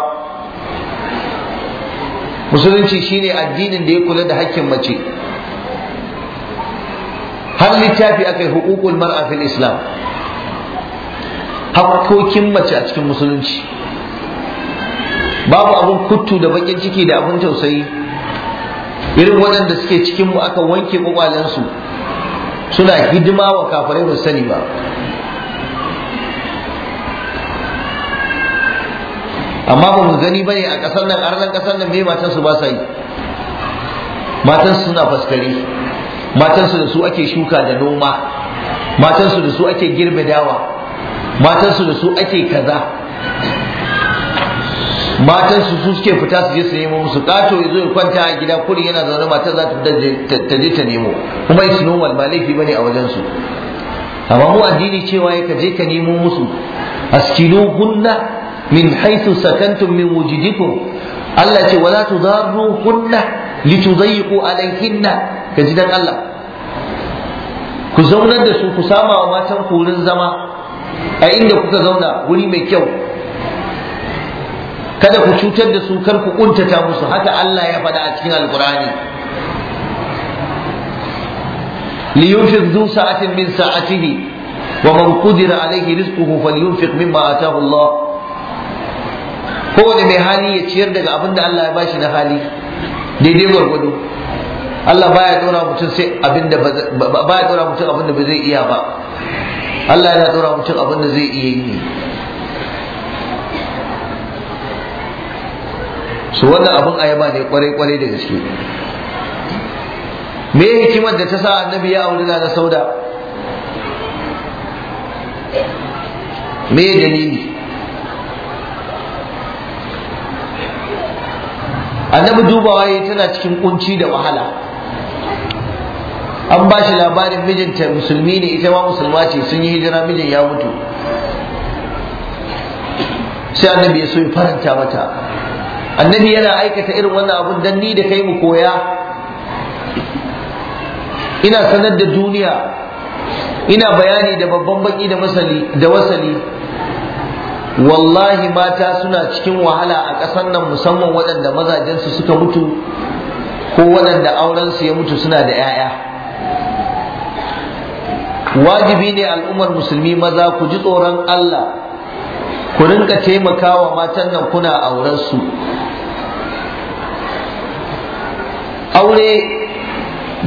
musulunci shine addinin da ya kula da hakkin mace har littafi aka yi hukukul mar'a fil islam hakkokin mace a cikin musulunci babu abun kuttu da bakin ciki da abun tausayi irin waɗanda suke cikin mu aka wanke kwakwalensu suna hidima wa kafirai ba sani ba amma ba mu gani bane a ƙasar nan arnan ƙasar nan me matan su ba sa yi matan su suna faskare matan su da su ake shuka da noma matan su da su ake girbe dawa matan su da su ake kaza matan su su suke fita su je su nemo musu kato yazo zo ya kwanta a gida kuri yana zaune matan za ta je ta nemo kuma it's normal ba laifi bane a wajen su amma mu addini cewa ya ka je ka nemo musu askinu gunna min haythu sakantum min wujudikum Allah ce wala tudarru kunna litudayyiqu alayhinna ka ji dan Allah ku zaunar da su ku sama wa matan kurin zama a inda kuka zauna wuri mai kyau kada ku cutar da su kar ku kuntata musu haka Allah ya faɗa a cikin alkurani liyunfiq dhu sa'atin min sa'atihi wa man qudira alayhi rizquhu falyunfiq mimma ataahu Allah kowane mai hali ya ciyar daga abin da Allah ya bashi na hali daidai gwargwado Allah baya dora mutum sai abin da baya dora mutum abin da ba zai iya ba Allah yana dora mutum abin da zai iya yi su wannan abin ayaba ne kwarai kwarai da gaske me hikimar da ta sa annabi ya auri na sauda me dalili annabi dubawa yayi tana cikin kunci da wahala an ba shi labarin mijinta musulmi ne ita ma musulma ce sun yi hijira mijin ya mutu sai annabi ya so ya faranta mata annabi yana aikata irin wannan abun dan ni da kai mu koya ina sanar da duniya ina bayani da babban baki da masali da wasali wallahi mata suna cikin wahala a ƙasar nan musamman waɗanda mazajensu suka mutu ko waɗanda aurensu ya mutu suna da 'ya'ya wajibi ne al'ummar musulmi maza ku ji tsoron Allah ku rinka taimakawa matan nan kuna aurensu aure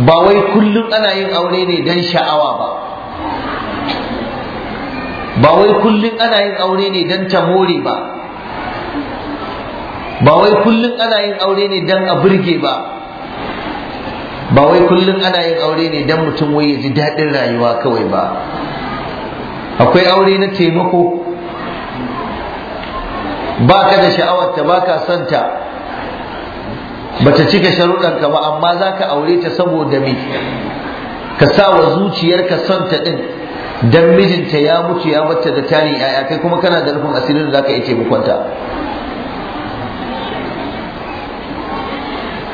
ba wai kullum ana yin aure ne don sha'awa ba ba wai kullum ana yin aure ne don ta more ba ba wai kullum ana yin aure ne don a burge ba ba wai kullum ana yin aure ne don mutum wai ya ji daɗin rayuwa kawai ba akwai aure na taimako ba ka da sha'awarta ba ka son ta ba ta cika sharuɗanka ba amma za ka aure ta saboda me ka sa wa zuciyarka son ta ɗin dan mijinta ya mutu ya bata da tarin yaya kai kuma kana da rufin asirin da zaka iya taimakonta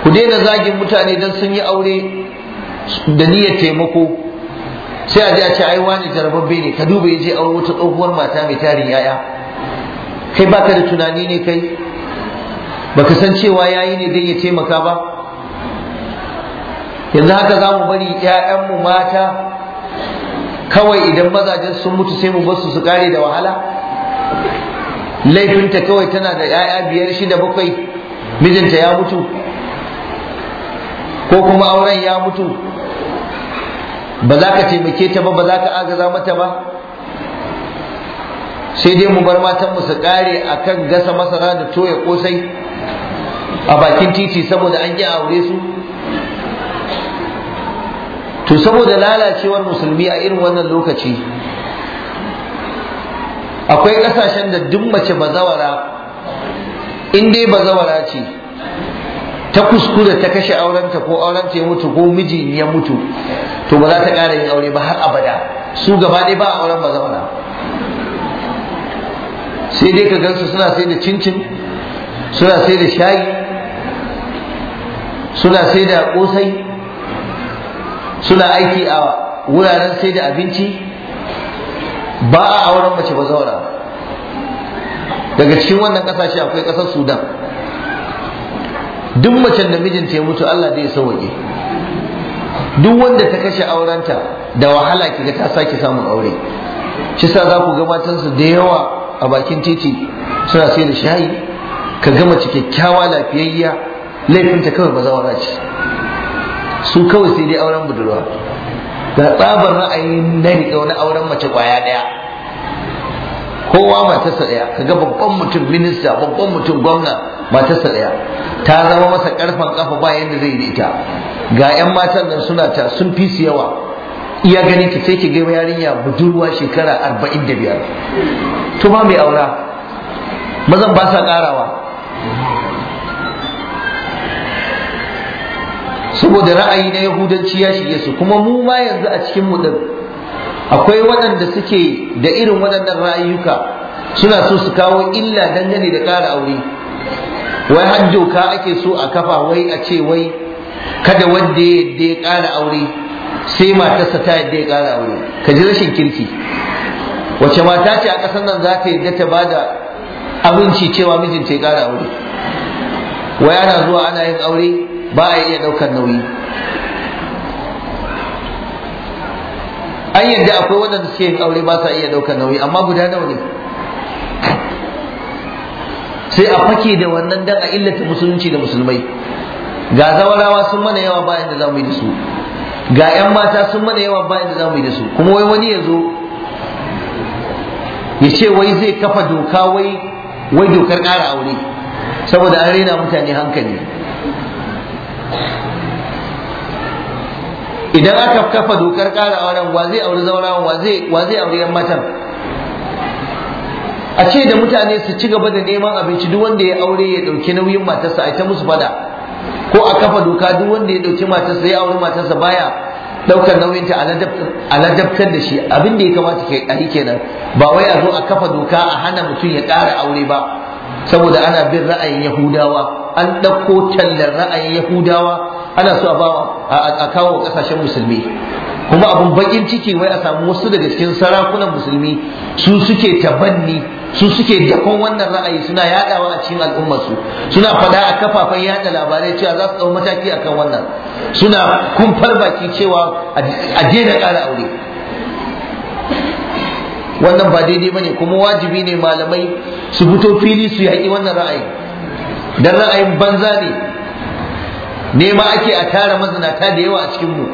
ku daina zagin mutane dan sun yi aure da niyyar taimako sai a ji a ce ai wani jarababbe ne ka duba ya je aure wata tsohuwar mata mai tarin yaya kai baka da tunani ne kai baka san cewa yayi ne dan ya taimaka ba yanzu haka za mu bari 'ya'yanmu mata kawai idan mazajen sun mutu sai mu basu su kare da wahala laifinta kawai tana da 'ya'ya biyar shida bakwai mijinta ya mutu ko kuma auren ya mutu ba za ka taimake ta ba ba za ka agaza mata ba sai dai mu bar matanmu su kare a kan gasa masara da toya kosai a bakin titi saboda an ƙi aure su to saboda lalacewar musulmi a irin wannan lokaci akwai kasashen da duk mace bazawara in dai bazawara ce ta kuskure ta kashe aurenta ko aurenta ya mutu ko miji ya mutu to ba za ta ƙara yin aure ba har abada su gaba ɗaya ba auren bazawara sai dai ka gansu suna sai da cincin suna sai da shayi suna sai da ƙosai suna aiki a wuraren sai da abinci ba a auren mace ba zaura daga cikin wannan kasashe akwai kasar sudan duk mace da mijinta ya mutu allah zai sauwaƙe duk wanda ta kashe aurenta da wahala kiga ta sake samun aure shi sa za ku ga matansu da yawa a bakin titi suna sai da shayi ka gama cikakkiyawa lafiyayya laifinta kawai ba zaura ce su kawai sai dai auren budurwa da tsabar ra'ayi na riga wani auren mace kwaya ɗaya kowa matarsa daya kaga babban mutum minista babban mutum gwamna matarsa ɗaya ta zama masa ƙarfan kafa ba yadda zai yi ita ga 'yan matan nan suna ta sun fi su yawa iya ganin ki sai ki ga yarinya budurwa shekara arba'in da biyar to ba mai aura mazan ba sa ƙarawa saboda ra'ayi na yahudanci ya shige su kuma mu ma yanzu a cikin mu din akwai waɗanda suke da irin waɗannan ra'ayuka suna so su kawo illa dangane da ƙara aure wai har doka ake so a kafa wai a ce wai kada wanda ya ƙara aure sai matarsa ta yadda ya ƙara aure ka ji rashin kirki wace mata ce a ƙasar nan za ta yadda ta ba da abinci cewa mijinta ya ƙara aure wai ana zuwa ana yin aure ba a iya ɗaukar nauyi an yadda akwai waɗanda suke yin aure ba sa iya ɗaukar nauyi amma guda nawa ne sai a fake da wannan dan a illata musulunci da musulmai ga zawarawa sun mana yawa bayan da za mu yi da su ga 'yan mata sun mana yawa bayan da za mu yi da su kuma wai wani ya zo ya ce wai zai kafa doka wai wai dokar ƙara aure saboda an rena mutane hankali idan aka kafa dokar ƙara auren wa zai auri zaurawan wa zai auri yan matan a ce da mutane su ci gaba da neman abinci duk wanda ya aure ya ɗauki nauyin matarsa a ta musu fada ko a kafa doka duk wanda ya ɗauki matarsa ya auri matarsa baya ɗaukar ta a ladabtar da shi abin da ya kamata ke ɗari kenan ba wai a zo a kafa doka a hana mutum ya ƙara aure ba saboda ana bin ra'ayin yahudawa an ɗauko tallar ra'ayin yahudawa ana so a kawo ƙasashen musulmi kuma abun baƙin ciki wai a samu wasu daga cikin sarakunan musulmi su suke tabanni su suke dakon wannan ra'ayi suna yadawa a cikin al'ummarsu suna faɗa a kafafen yada labarai cewa za su ɗau mataki akan wannan suna kumfar baki cewa a daina ƙara aure wannan ba daidai bane kuma wajibi ne malamai su fito fili su yaƙi wannan ra'ayi dan ra'ayin banza ne nema ake a tara mazinata da yawa a cikin mu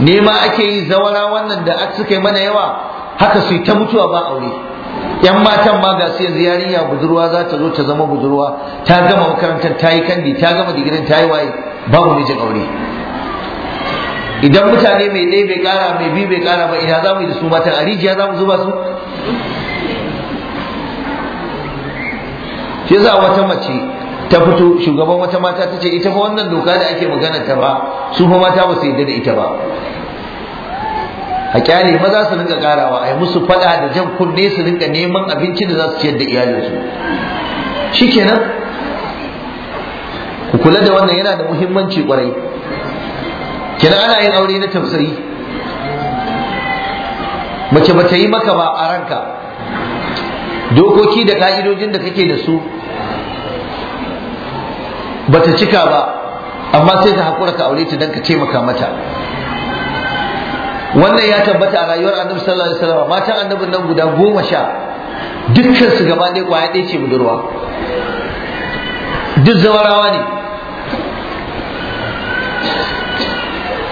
nema ake yi zawara wannan da suka yi mana yawa haka su ta mutuwa ba aure yan matan ma ga su yanzu yarinya budurwa za ta zo ta zama budurwa ta gama makarantar ta yi kandi ta gama digirin ta yi waye babu mijin aure idan mutane mai ɗaya bai ƙara mai biyu bai ƙara ba ina za mu yi da su matan a rijiya za mu zuba su shi za wata mace ta fito shugaban wata mata ta ce ita fa wannan doka da ake magana ta ba su fa mata ba su yarda da ita ba a kyale maza su rinka karawa a yi musu faɗa, da jan kunne su rinka neman abinci da za su ciyar da iyalinsu shikenan ku kula da wannan yana da muhimmanci kwarai kina ana yin aure na tausayi mace ba ta yi maka ba a ranka dokoki da ka'idojin da kake da su ba ta cika ba amma sai ta haƙura ka aure ta don ka taimaka mata wannan ya tabbata a rayuwar annabi sallallahu alaihi wasallam matan annabin nan guda goma sha dukkan su gaba ɗaya kwaya ɗaya ce budurwa duk zama rawa ne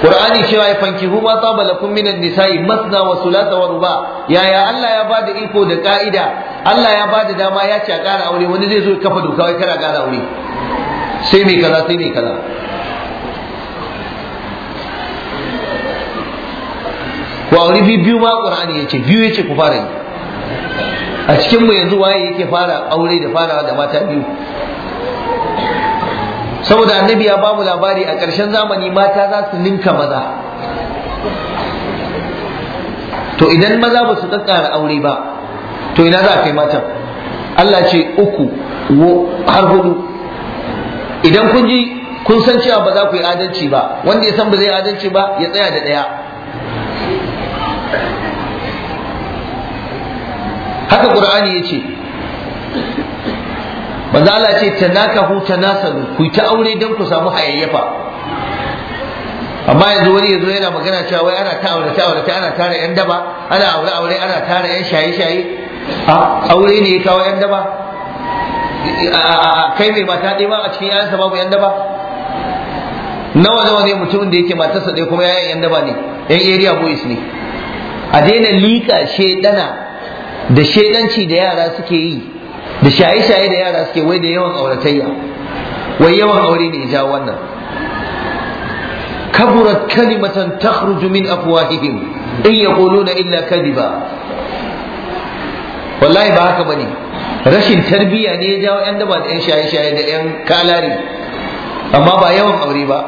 Qur'ani cewa ya fankihu ma taba lakum minan nisa'i masna wa thulatha wa ruba yaya Allah ya bada iko da ka'ida Allah ya bada dama ya ci a ƙara aure wani zai zo ya kafa doka wai kana ƙara aure sai mai kaza sai mai kaza ku aure bi biyu ma Qur'ani yace biyu yace ku fara ni. a cikin mu yanzu waye yake fara aure da farawa da mata biyu saboda annabi ya bamu labari a ƙarshen zamani mata za su ninka maza to idan maza ba su ƙaƙƙara aure ba to ina za a kai matan Allah ce uku har hudu idan kun ji kun san cewa ba za ku yi adalci ba wanda ya san ba zai adalci ba ya tsaya da ɗaya haka ƙur'ani ya ce manzo Allah ce tanakahu tanasalu ku ta aure dan ku samu hayayyafa amma yanzu wani yanzu yana magana cewa wai ana ta aure ta aure ta ana tara yan daba ana aure aure ana tara yan shaye shaye a aure ne ya kawo yan daba kai mai mata dai ba a cikin yayansa babu yan daba nawa nawa ne mutumin da yake matarsa dai kuma yayan yan daba ne yan area boys ne a daina liƙa shedana da shedanci da yara suke yi da shaye-shaye da yara suke wai da yawan auratayya wai yawan aure ne ja wannan kaburat kalimatan takhruju min afwahihim in yaquluna illa kadiba wallahi ba haka bane rashin tarbiyya ne ya jawo yan daba da yan shaye-shaye da yan kalari amma ba yawan aure ba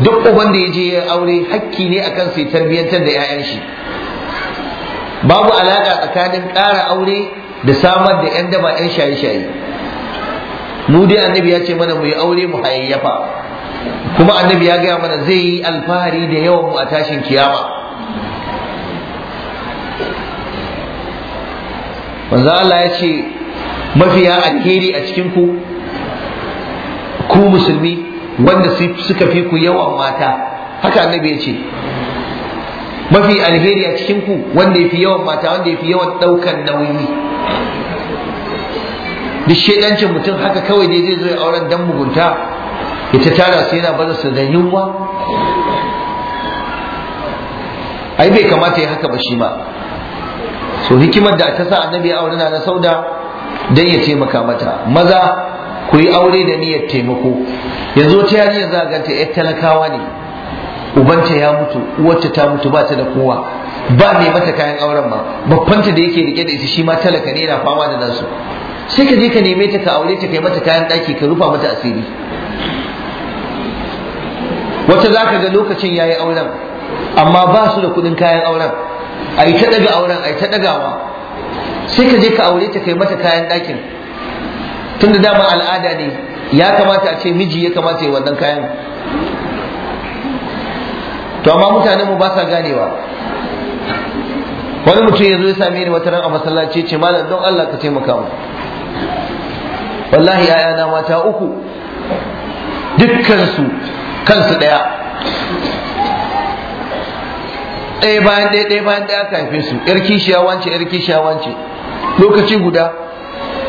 duk uban da ya je ya aure hakki ne akan sai tarbiyyantar da 'ya'yan shi babu alaka tsakanin ƙara aure da samar da 'yan daba 'yan shaye-shaye mu dai annabi ya ce mana mu yi aure mu hayayyafa kuma annabi ya gaya mana zai yi alfahari da yawan mu a tashin kiyama manzo Allah ya ce mafiya alheri a cikin ku ku musulmi wanda suka fi ku yawan mata haka annabi ya ce mafi alheri a cikin ku wanda ya fi yawan mata wanda ya fi yawan ɗaukan nauyi duk shedancin mutum haka kawai ne zai zo ya auren dan mugunta ya ta tara su yana bazar su da yunwa ai bai kamata ya haka ba shi ma so hikimar da ta sa annabi ya aure na sauda dan ya taimaka mata maza ku yi aure da niyyar taimako yanzu ta yari za a ganta yar talakawa ne ubanta ya mutu uwarta ta mutu ba ta da kowa ba ne mata kayan auren ma babbanta da yake rike da ita shi ma talaka ne yana fama da nasu sai ka je ka neme ta ka aure ta kai mata kayan daki ka rufa mata asiri wata za ka ga lokacin ya yi auren amma ba su da kuɗin kayan auren a yi ta ɗaga auren a yi ta ɗagawa sai ka je ka aure ta kai mata kayan dakin. tunda dama al'ada ne ya kamata a ce miji ya kamata ya wannan kayan to amma mutanen mu ba sa ganewa wani mutum ya zo ya same ni wata ran a masallaci ce malam don Allah ka taimaka mu wallahi ayana mata uku dukkansu kansu ɗaya ɗaya bayan ɗaya ɗaya bayan ɗaya aka haife su yar kishiya wance yar kishiya wance lokaci guda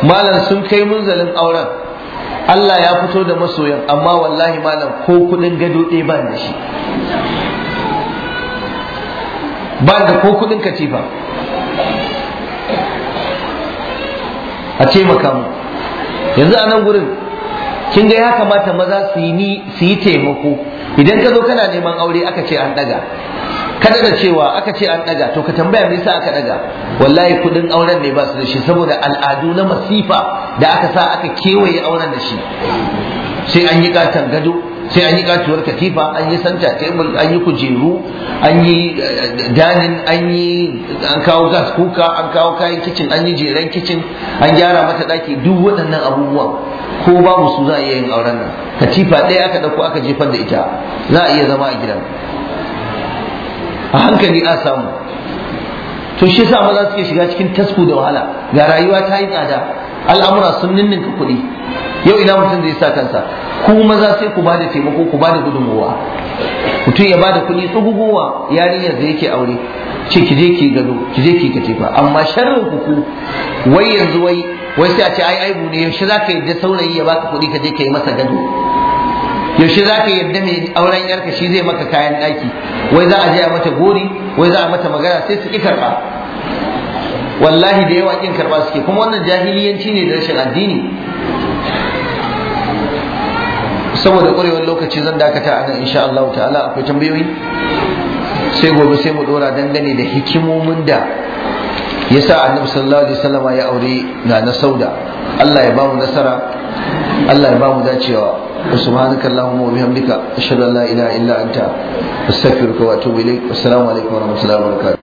malam sun kai munzalin auren Allah ya fito da masoyan amma wallahi malam ko kudin gado ɗaya ban da shi Ba da ko kudin katifa a ce mu yanzu a nan gurin kin ga ya kamata maza su yi taimako idan ka zo kana neman aure aka ce an daga kada da cewa aka ce an daga to ka tambaya me yasa aka daga wallahi kudin auren ne ba su da shi saboda al'adu na masifa da aka sa aka kewaye auren da shi sai an yi ƙaton gado sai an yi katuwar katifa an yi santa tebur an yi kujeru an yi eh, danin an yi an kawo gas kuka an kawo kayan kicin an yi jeren kicin an gyara mata daki duk waɗannan abubuwan ko babu su za a iya yin auren nan katifa ɗaya aka ɗauko aka jefar da ita za a iya zama a gidan a hankali a samu to shi yasa maza suke shiga cikin tasku da wahala ga rayuwa ta yi tsada al'amura sun ninninka kuɗi yau ina mutum zai sa kansa ku maza sai ku bada taimako ku bada gudunmuwa mutum ya bada kuɗi tsugugowa yarinyar da yake aure ce ki je ki gado ki je ki katifa amma sharrin ku ku wai yanzu wai wai sai a ce ai aibu ne yaushe za ka yi da saurayi ya baka kuɗi ka je ka yi masa gado yaushe za ka yarda mai auren yarka shi zai maka kayan ɗaki wai za a je a mata gori wai za a mata magana sai su ki karɓa wallahi da yawa ƙin karɓa suke kuma wannan jahiliyanci ne da rashin addini saboda ƙwarewar lokaci zan dakata a nan insha Allah ta'ala akwai tambayoyi sai gobe sai mu dora dangane da hikimomin da yasa annabi sallallahu alaihi wasallama ya aure na na sauda Allah ya ba mu nasara Allah ya ba mu dacewa subhanaka allahumma wa bihamdika ashhadu an la ilaha illa anta astaghfiruka wa atubu ilaik assalamu alaikum wa rahmatullahi wa barakatuh